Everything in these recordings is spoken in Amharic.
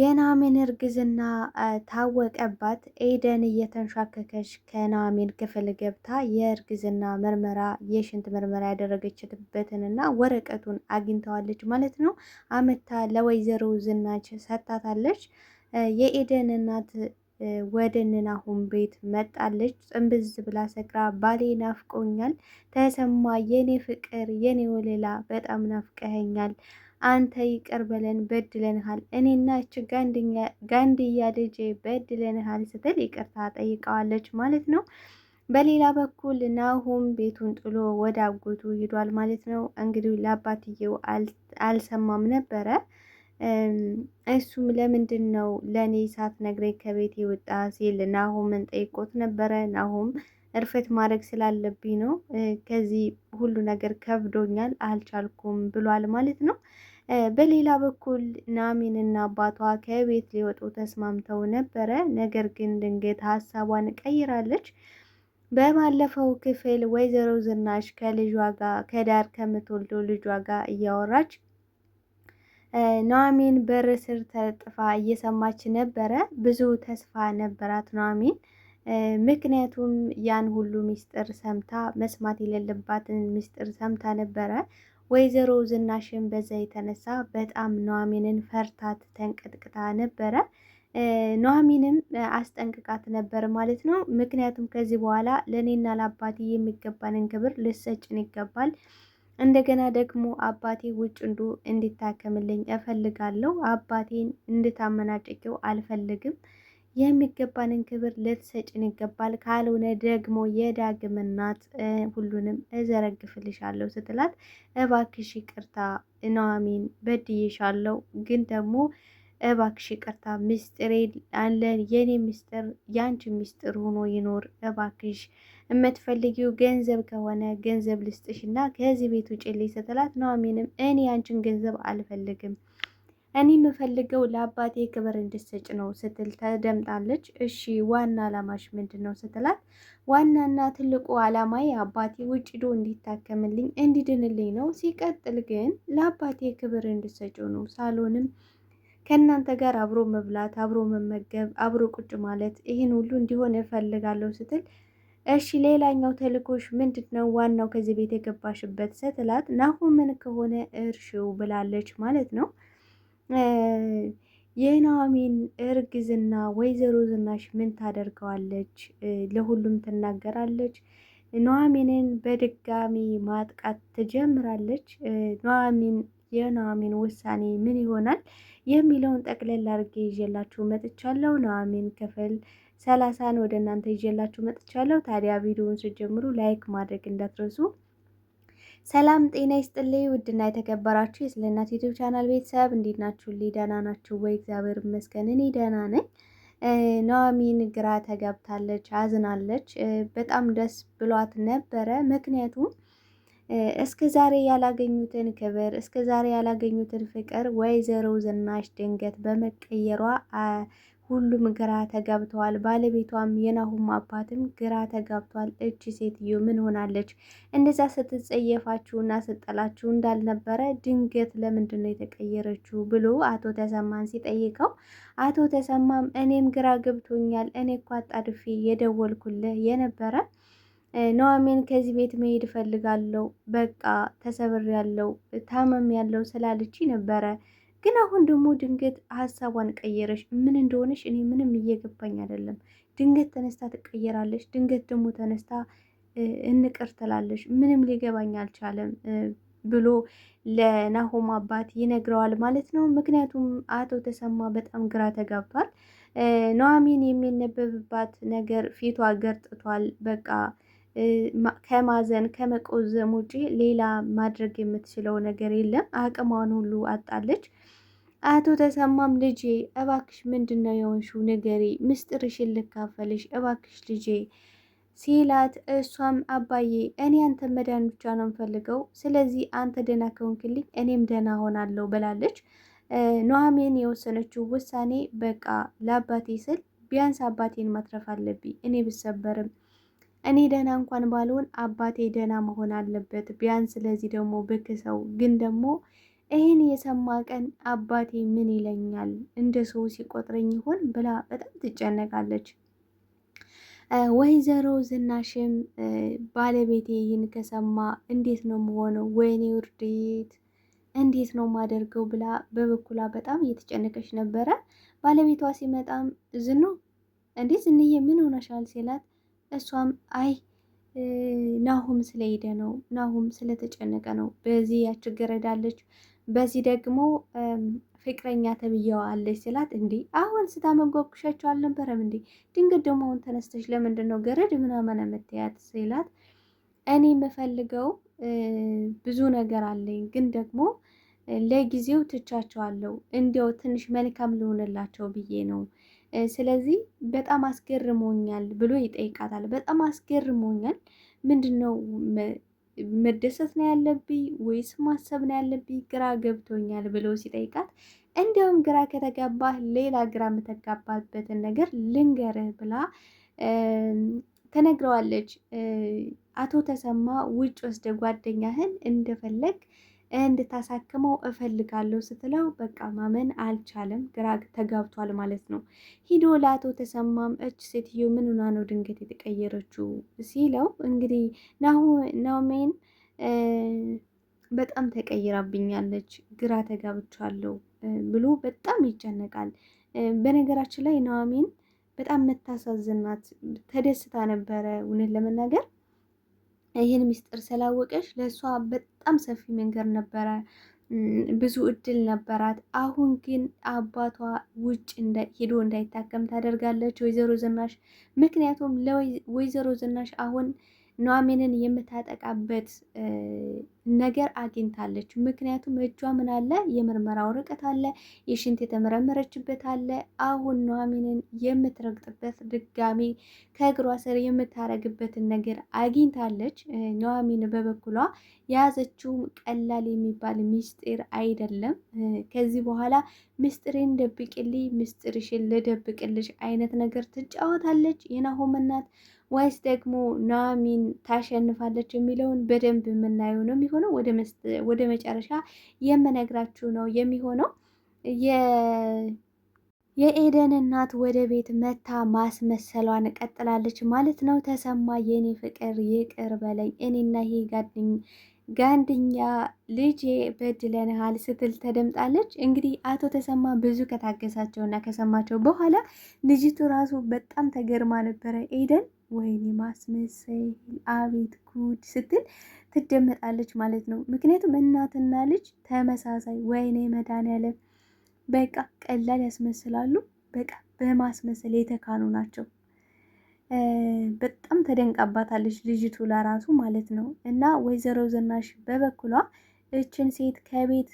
የኑሐሚን እርግዝና ታወቀባት። ኤደን እየተንሻከከች ከኑሐሚን ክፍል ገብታ የእርግዝና ምርመራ የሽንት ምርመራ እና ወረቀቱን አግኝተዋለች ማለት ነው። አመታ ለወይዘሮ ዝናች ሰጥታታለች። የኤደን እናት ወደ ናሁም ቤት መጣለች። ጥንብዝ ብላ ሰክራ ባሌ ናፍቆኛል፣ ተሰማ የኔ ፍቅር የኔ ወሌላ፣ በጣም ናፍቀኸኛል አንተ ይቅር በለን በድለንሃል፣ እኔና እች ጋንድያ ልጄ በድለንሃል ስትል ይቅርታ ጠይቀዋለች ማለት ነው። በሌላ በኩል ናሁም ቤቱን ጥሎ ወደ አጎቱ ሂዷል ማለት ነው። እንግዲህ ለአባትየው አልሰማም ነበረ። እሱም ለምንድን ነው ለእኔ ሳትነግረኝ ከቤት የወጣ ሲል ናሁምን ጠይቆት ነበረ ናሁም እርፈት ማድረግ ስላለብኝ ነው። ከዚህ ሁሉ ነገር ከብዶኛል፣ አልቻልኩም ብሏል ማለት ነው። በሌላ በኩል ናሚንና አባቷ ከቤት ሊወጡ ተስማምተው ነበረ። ነገር ግን ድንገት ሀሳቧን ቀይራለች። በባለፈው ክፍል ወይዘሮ ዝናሽ ከልጇ ጋር ከዳር ከምትወልደው ልጇ ጋር እያወራች ናሚን በር ስር ተጥፋ እየሰማች ነበረ። ብዙ ተስፋ ነበራት ናሚን። ምክንያቱም ያን ሁሉ ሚስጥር ሰምታ መስማት የሌለባትን ሚስጥር ሰምታ ነበረ። ወይዘሮ ዝናሽን በዛ የተነሳ በጣም ኑሐሚንን ፈርታት ተንቀጥቅጣ ነበረ። ኑሐሚንም አስጠንቅቃት ነበር ማለት ነው። ምክንያቱም ከዚህ በኋላ ለእኔና ለአባቴ የሚገባንን ክብር ልሰጭን ይገባል። እንደገና ደግሞ አባቴ ውጭ እንዱ እንዲታከምልኝ እፈልጋለሁ። አባቴን እንድታመናጨቂው አልፈልግም። የሚገባንን ክብር ልትሰጭን ይገባል። ካልሆነ ደግሞ የዳግም እናት ሁሉንም እዘረግፍልሻለሁ ስትላት እባክሽ ይቅርታ ኑሃሚን በድዬሻለሁ፣ ግን ደግሞ እባክሽ ይቅርታ ምስጢሬ አለን የኔ ምስጢር የአንቺ ምስጢር ሆኖ ይኖር እባክሽ። የምትፈልጊው ገንዘብ ከሆነ ገንዘብ ልስጥሽ እና ከዚህ ቤት ልይ ስትላት ኑሃሚንም እኔ ያንቺን ገንዘብ አልፈልግም እኔ የምፈልገው ለአባቴ ክብር እንድትሰጭ ነው ስትል ተደምጣለች። እሺ ዋና አላማሽ ምንድን ነው ስትላት፣ ዋናና ትልቁ አላማ አባቴ ውጭ ዶ እንዲታከምልኝ እንዲድንልኝ ነው። ሲቀጥል ግን ለአባቴ ክብር እንድትሰጭው ነው። ሳሎንም ከእናንተ ጋር አብሮ መብላት፣ አብሮ መመገብ፣ አብሮ ቁጭ ማለት ይህን ሁሉ እንዲሆን እፈልጋለሁ ስትል እሺ ሌላኛው ተልእኮሽ ምንድን ነው? ዋናው ከዚህ ቤት የገባሽበት ስትላት ናሁምን ከሆነ እርሽው ብላለች ማለት ነው። የኑሐሚን እርግዝና ወይዘሮ ዝናሽ ምን ታደርገዋለች? ለሁሉም ትናገራለች። ኑሐሚንን በድጋሚ ማጥቃት ትጀምራለች። ኑሐሚን የኑሐሚን ውሳኔ ምን ይሆናል የሚለውን ጠቅለል አድርጌ ይዤላችሁ መጥቻለሁ። ኑሐሚን ክፍል ሰላሳን ወደ እናንተ ይዤላችሁ መጥቻለሁ። ታዲያ ቪዲዮውን ስጀምሩ ላይክ ማድረግ እንዳትረሱ። ሰላም ጤና ይስጥልኝ። ውድና የተከበራችሁ የስለናት ዩቲዩብ ቻናል ቤተሰብ እንዴት ናችሁ? ደህና ናችሁ ወይ? እግዚአብሔር ይመስገን እኔ ደህና ነኝ። ኑሐሚን ግራ ተገብታለች፣ አዝናለች። በጣም ደስ ብሏት ነበረ። ምክንያቱም እስከ ዛሬ ያላገኙትን ክብር እስከ ዛሬ ያላገኙትን ፍቅር ወይዘሮ ዝናሽ ድንገት በመቀየሯ ሁሉም ግራ ተጋብተዋል። ባለቤቷም የናሁም አባትም ግራ ተጋብቷል። እቺ ሴትዮ ምን ሆናለች? እንደዛ ስትጸየፋችሁና ስጠላችሁ እንዳልነበረ ድንገት ለምንድን ነው የተቀየረችው? ብሎ አቶ ተሰማን ሲጠይቀው አቶ ተሰማም እኔም ግራ ገብቶኛል። እኔ እኮ አጣድፌ የደወልኩልህ የነበረ ኑሐሚን ከዚህ ቤት መሄድ እፈልጋለሁ፣ በቃ ተሰብር ያለው ታመም ያለው ስላለች ነበረ ግን አሁን ደግሞ ድንገት ሀሳቧን ቀየረች። ምን እንደሆነች እኔ ምንም እየገባኝ አይደለም። ድንገት ተነስታ ትቀየራለች፣ ድንገት ደግሞ ተነስታ እንቅር ትላለች። ምንም ሊገባኝ አልቻለም ብሎ ለናሆም አባት ይነግረዋል ማለት ነው። ምክንያቱም አቶ ተሰማ በጣም ግራ ተጋብቷል። ኑሐሚን የሚነበብባት ነገር ፊቷ ገርጥቷል። በቃ ከማዘን ከመቆዘም ውጪ ሌላ ማድረግ የምትችለው ነገር የለም። አቅሟን ሁሉ አጣለች። አቶ ተሰማም ልጄ እባክሽ ምንድን ነው የሆንሽው? ንገሪ፣ ምስጢርሽን ልካፈልሽ እባክሽ ልጄ ሲላት፣ እሷም አባዬ እኔ አንተ መዳን ብቻ ነው የምፈልገው፣ ስለዚህ አንተ ደህና ከሆንክልኝ እኔም ደህና ሆናለሁ ብላለች። ኑሐሚን የወሰነችው ውሳኔ በቃ ለአባቴ ስል ቢያንስ አባቴን ማትረፍ አለብኝ። እኔ ብሰበርም እኔ ደህና እንኳን ባልሆን አባቴ ደህና መሆን አለበት ቢያንስ። ስለዚህ ደግሞ ብክሰው ግን ደግሞ ይህን የሰማ ቀን አባቴ ምን ይለኛል እንደ ሰው ሲቆጥረኝ ይሆን ብላ በጣም ትጨነቃለች። ወይዘሮ ዝናሽም ባለቤቴ ይህን ከሰማ እንዴት ነው መሆነው? ወይኔ ውርዴት እንዴት ነው ማደርገው? ብላ በበኩሏ በጣም እየተጨነቀች ነበረ። ባለቤቷ ሲመጣም ዝኖ እንዴ ዝንዬ ምን ሆነሻል? ሲላት እሷም አይ ናሁም ስለሄደ ነው ናሁም ስለተጨነቀ ነው በዚህ ያችግረዳለች በዚህ ደግሞ ፍቅረኛ ተብዬዋ አለች ስላት፣ እንዴ አሁን ስታመጓጉሻቸው አልነበረም እንዴ? ድንገት ደግሞ አሁን ተነስተሽ ለምንድን ነው ገረድ ምናምን የምትያት ስላት፣ እኔ የምፈልገው ብዙ ነገር አለኝ፣ ግን ደግሞ ለጊዜው ትቻቸዋለሁ፣ እንዲያው ትንሽ መልካም ልሆንላቸው ብዬ ነው። ስለዚህ በጣም አስገርሞኛል ብሎ ይጠይቃታል። በጣም አስገርሞኛል ምንድን ነው መደሰት ነው ያለብኝ ወይስ ማሰብ ነው ያለብኝ ግራ ገብቶኛል ብሎ ሲጠይቃት እንዲያውም ግራ ከተጋባ ሌላ ግራ የምተጋባበትን ነገር ልንገርህ ብላ ተነግረዋለች። አቶ ተሰማ ውጭ ወስደ ጓደኛህን እንደፈለግ እንድታሳክመው እፈልጋለሁ ስትለው በቃ ማመን አልቻለም። ግራ ተጋብቷል ማለት ነው። ሂዶ ለአቶ ተሰማም እች ሴትዮ ምን ሆና ነው ድንገት የተቀየረችው ሲለው እንግዲህ ናሜን በጣም ተቀይራብኛለች፣ ግራ ተጋብቻለሁ ብሎ በጣም ይጨነቃል። በነገራችን ላይ ናሆሜን በጣም መታሳዝናት ተደስታ ነበረ። እውነት ለመናገር ይህን ምስጢር ስላወቀች ለእሷ በጣም ሰፊ መንገድ ነበረ፣ ብዙ እድል ነበራት። አሁን ግን አባቷ ውጭ ሄዶ እንዳይታከም ታደርጋለች ወይዘሮ ዝናሽ። ምክንያቱም ለወይዘሮ ዝናሽ አሁን ኑሐሚንን የምታጠቃበት ነገር አግኝታለች። ምክንያቱም እጇ ምን አለ? የምርመራ ወረቀት አለ፣ የሽንት የተመረመረችበት አለ። አሁን ኑሐሚንን የምትረግጥበት ድጋሚ ከእግሯ ስር የምታረግበትን ነገር አግኝታለች። ኑሐሚን በበኩሏ የያዘችው ቀላል የሚባል ምስጢር አይደለም። ከዚህ በኋላ ምስጢሬን ደብቅልኝ፣ ምስጢርሽን ልደብቅልሽ አይነት ነገር ትጫወታለች። የናሆም እናት ወይስ ደግሞ ኑሃሚን ታሸንፋለች የሚለውን በደንብ የምናየው ነው የሚሆነው። ወደ መጨረሻ የምነግራችሁ ነው የሚሆነው። የኤደን እናት ወደ ቤት መታ ማስመሰሏን ቀጥላለች ማለት ነው። ተሰማ የኔ ፍቅር ይቅር በለኝ እኔና ይሄ ጋድኝ ጋንደኛ ልጄ በድለንሃል ስትል ተደምጣለች። እንግዲህ አቶ ተሰማ ብዙ ከታገሳቸው እና ከሰማቸው በኋላ ልጅቱ ራሱ በጣም ተገርማ ነበረ። ኤደን ወይኔ ማስመሰል አቤት ጉድ ስትል ትደመጣለች ማለት ነው። ምክንያቱም እናትና ልጅ ተመሳሳይ፣ ወይኔ መድኃኒዓለም በቃ ቀላል ያስመስላሉ። በቃ በማስመሰል የተካኑ ናቸው። በጣም ተደንቃባታለች ልጅቱ ለራሱ ማለት ነው። እና ወይዘሮ ዝናሽ በበኩሏ እችን ሴት ከቤት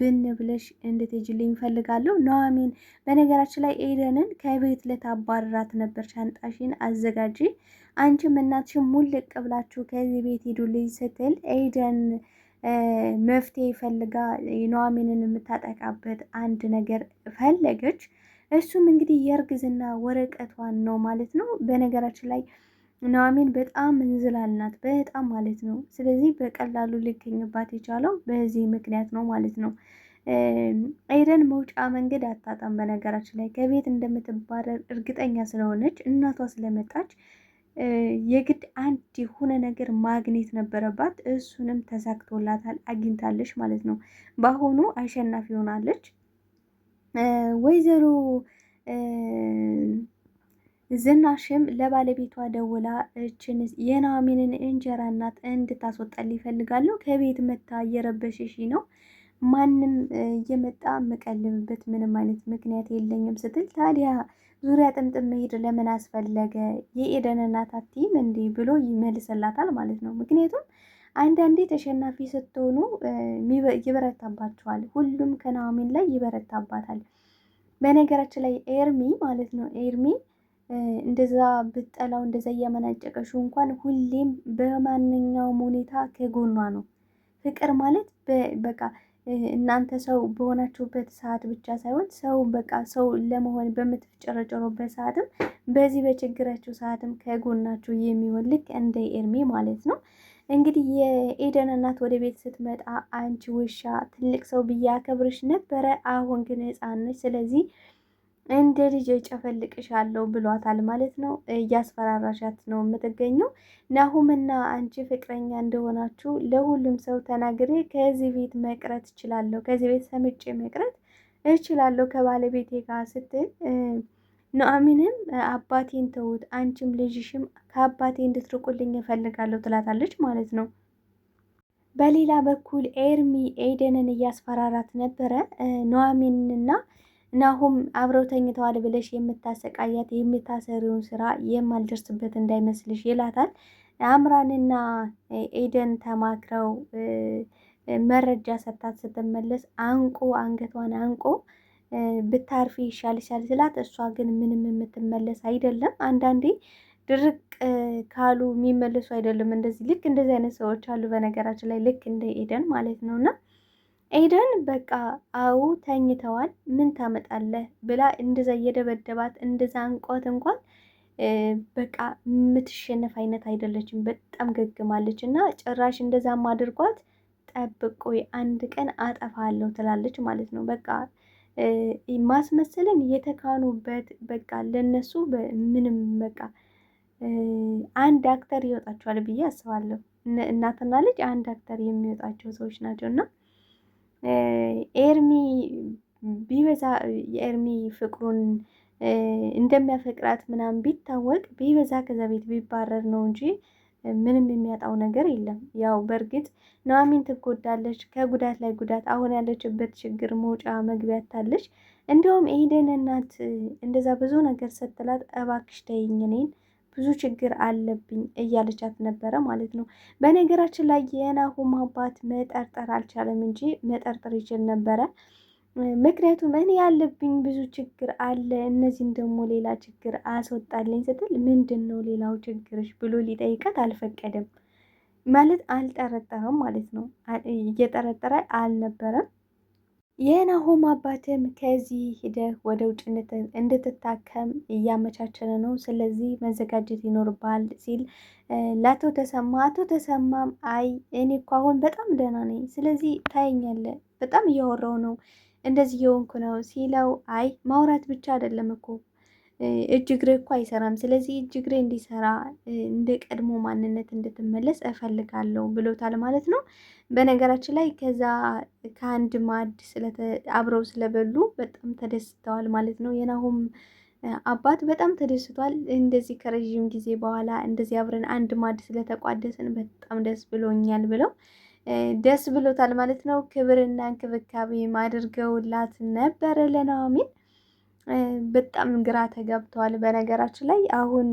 ብን ብለሽ እንድትሄጂልኝ እፈልጋለሁ ኑሐሚን። በነገራችን ላይ ኤደንን ከቤት ልታባርራት ነበር። ሻንጣሽን አዘጋጂ፣ አንቺም እናትሽም ሙልቅ ብላችሁ ከዚህ ቤት ሂዱልኝ ስትል ኤደን መፍትሄ ፈልጋ ኑሐሚንን የምታጠቃበት አንድ ነገር ፈለገች። እሱም እንግዲህ የእርግዝና ወረቀቷን ነው ማለት ነው። በነገራችን ላይ ኑሐሚን በጣም እንዝላልናት በጣም ማለት ነው። ስለዚህ በቀላሉ ሊገኝባት የቻለው በዚህ ምክንያት ነው ማለት ነው። ኤደን መውጫ መንገድ አታጣም። በነገራችን ላይ ከቤት እንደምትባረር እርግጠኛ ስለሆነች እናቷ ስለመጣች የግድ አንድ የሆነ ነገር ማግኘት ነበረባት። እሱንም ተሳክቶላታል፣ አግኝታለች ማለት ነው። በአሁኑ አሸናፊ ሆናለች። ወይዘሮ ዝናሽም ለባለቤቷ ደውላ እችን የናሚንን እንጀራ እናት እንድታስወጣል ይፈልጋሉ። ከቤት መታ እየረበሽሽ ነው፣ ማንም እየመጣ የምቀልምበት ምንም አይነት ምክንያት የለኝም ስትል ታዲያ ዙሪያ ጥምጥም መሄድ ለምን አስፈለገ? የኤደን እናት አትይም እንዲህ ብሎ ይመልስላታል ማለት ነው። ምክንያቱም አንዳንዴ ተሸናፊ ስትሆኑ ይበረታባችኋል። ሁሉም ከናሚን ላይ ይበረታባታል። በነገራችን ላይ ኤርሚ ማለት ነው ኤርሚ እንደዛ ብጠላው እንደዛ እያመናጨቀሹ እንኳን ሁሌም በማንኛውም ሁኔታ ከጎኗ ነው። ፍቅር ማለት በቃ እናንተ ሰው በሆናችሁበት ሰዓት ብቻ ሳይሆን ሰው በቃ ሰው ለመሆን በምትጨረጨሩበት ሰዓትም፣ በዚህ በችግራችሁ ሰዓትም ከጎናችሁ የሚሆን ልክ እንደ ኤርሚ ማለት ነው። እንግዲህ የኤደን እናት ወደ ቤት ስትመጣ አንቺ ውሻ ትልቅ ሰው ብዬ አከብርሽ ነበረ፣ አሁን ግን ሕፃን ነሽ፣ ስለዚህ እንደ ልጅ ጨፈልቅሻለሁ ብሏታል ማለት ነው። እያስፈራራሻት ነው የምትገኘው። ናሁምና አንቺ ፍቅረኛ እንደሆናችሁ ለሁሉም ሰው ተናግሬ ከዚህ ቤት መቅረት እችላለሁ፣ ከዚህ ቤት ሰምጬ መቅረት እችላለሁ ከባለቤቴ ጋር ስትል ኑሐሚንም አባቴን ተዉት፣ አንቺም ልጅሽም ከአባቴ እንድትርቁልኝ እፈልጋለሁ ትላታለች ማለት ነው። በሌላ በኩል ኤርሚ ኤደንን እያስፈራራት ነበረ። ኑሐሚንና ናሁም አብረው ተኝተዋል ብለሽ የምታሰቃያት የምታሰሪውን ስራ የማልደርስበት እንዳይመስልሽ ይላታል። አምራንና ኤደን ተማክረው መረጃ ሰጥታት ስትመለስ አንቆ አንገቷን አንቆ ብታርፊ ይሻልሻል ስላት፣ እሷ ግን ምንም የምትመለስ አይደለም። አንዳንዴ ድርቅ ካሉ የሚመለሱ አይደለም። እንደዚህ ልክ እንደዚህ አይነት ሰዎች አሉ። በነገራችን ላይ ልክ እንደ ኤደን ማለት ነው እና ኤደን በቃ አዎ ተኝተዋል፣ ምን ታመጣለህ ብላ እንደዛ እየደበደባት እንደዛ አንቋት እንኳን በቃ የምትሸነፍ አይነት አይደለችም። በጣም ገግማለች እና ጭራሽ እንደዛም አድርጓት ጠብቆ አንድ ቀን አጠፋለሁ ትላለች ማለት ነው በቃ ማስመሰልን የተካኑበት በቃ ለነሱ ምንም በቃ አንድ አክተር ይወጣቸዋል ብዬ አስባለሁ። እናትና ልጅ አንድ አክተር የሚወጣቸው ሰዎች ናቸው እና ኤርሚ ቢበዛ የኤርሚ ፍቅሩን እንደሚያፈቅራት ምናምን ቢታወቅ ቢበዛ ከዛ ቤት ቢባረር ነው እንጂ ምንም የሚያጣው ነገር የለም። ያው በእርግጥ ኑሐሚን ትጎዳለች፣ ከጉዳት ላይ ጉዳት፣ አሁን ያለችበት ችግር መውጫ መግቢያ ታለች። እንዲሁም ኤደን እናት እንደዛ ብዙ ነገር ስትላት እባክሽ ተይኝ እኔን ብዙ ችግር አለብኝ እያለቻት ነበረ ማለት ነው። በነገራችን ላይ የናሁም አባት መጠርጠር አልቻለም እንጂ መጠርጠር ይችል ነበረ። ምክንያቱም እኔ ያለብኝ ብዙ ችግር አለ፣ እነዚህን ደግሞ ሌላ ችግር አስወጣልኝ ስትል ምንድን ነው ሌላው ችግርሽ ብሎ ሊጠይቃት አልፈቀደም። ማለት አልጠረጠረም ማለት ነው። እየጠረጠረ አልነበረም። የናሆም አባትም ከዚህ ሂደህ ወደ ውጭ እንድትታከም እያመቻቸለ ነው፣ ስለዚህ መዘጋጀት ይኖርብሃል ሲል ለአቶ ተሰማ አቶ ተሰማም አይ እኔ እኮ አሁን በጣም ደህና ነኝ፣ ስለዚህ ታየኛለህ፣ በጣም እያወራው ነው እንደዚህ የሆንኩ ነው ሲለው፣ አይ ማውራት ብቻ አይደለም እኮ እጅ እግሬ እኮ አይሰራም። ስለዚህ እጅ እግሬ እንዲሰራ እንደ ቀድሞ ማንነት እንድትመለስ እፈልጋለሁ ብሎታል ማለት ነው። በነገራችን ላይ ከዛ ከአንድ ማዕድ አብረው ስለበሉ በጣም ተደስተዋል ማለት ነው። የናሁም አባት በጣም ተደስቷል። እንደዚህ ከረዥም ጊዜ በኋላ እንደዚህ አብረን አንድ ማዕድ ስለተቋደስን በጣም ደስ ብሎኛል ብለው ደስ ብሎታል ማለት ነው። ክብርና እንክብካቤም አድርገውላት ነበረ ለኑሃሚን። በጣም ግራ ተገብቷል በነገራችን ላይ አሁን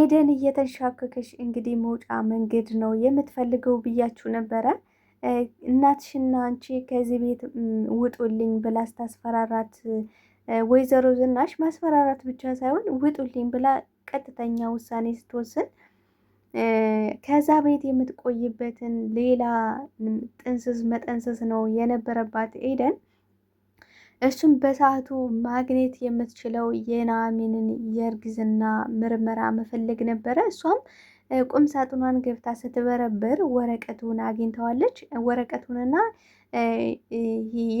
ኤደን እየተንሻከከሽ እንግዲህ መውጫ መንገድ ነው የምትፈልገው ብያችሁ ነበረ። እናትሽና አንቺ ከዚህ ቤት ውጡልኝ ብላ ስታስፈራራት ወይዘሮ ዝናሽ ማስፈራራት ብቻ ሳይሆን ውጡልኝ ብላ ቀጥተኛ ውሳኔ ስትወስን ከዛ ቤት የምትቆይበትን ሌላ ጥንስስ መጠንሰስ ነው የነበረባት ኤደን። እሱም በሰዓቱ ማግኘት የምትችለው የኑሐሚንን የእርግዝና ምርመራ መፈለግ ነበረ። እሷም ቁም ሳጥኗን ገብታ ስትበረብር ወረቀቱን አግኝተዋለች። ወረቀቱንና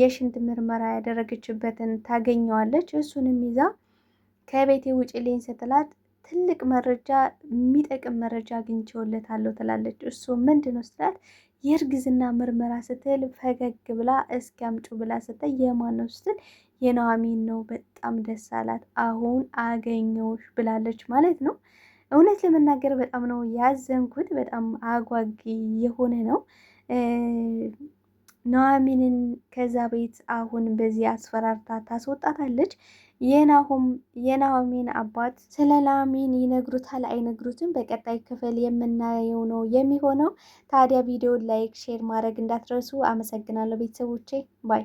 የሽንት ምርመራ ያደረገችበትን ታገኘዋለች። እሱንም ይዛ ከቤቴ ውጭ ልኝ ስትላት ትልቅ መረጃ የሚጠቅም መረጃ አግኝቼውለታለሁ ትላለች። እሱ ምንድን ነው ስትላት የእርግዝና ምርመራ ስትል ፈገግ ብላ እስኪ ብላ ስታይ የማን ነው ስትል የኑሐሚን ነው። በጣም ደስ አላት። አሁን አገኘሁሽ ብላለች ማለት ነው። እውነት ለመናገር በጣም ነው ያዘንኩት። በጣም አጓጊ የሆነ ነው። ኑሐሚንን ከዛ ቤት አሁን በዚህ አስፈራርታ ታስወጣታለች። የናሆሚን አባት ስለ ይነግሩታል አይነግሩትም፣ በቀጣይ ክፍል የምናየው ነው የሚሆነው። ታዲያ ቪዲዮ ላይክ፣ ሼር ማድረግ እንዳትረሱ። አመሰግናለሁ ቤተሰቦቼ ባይ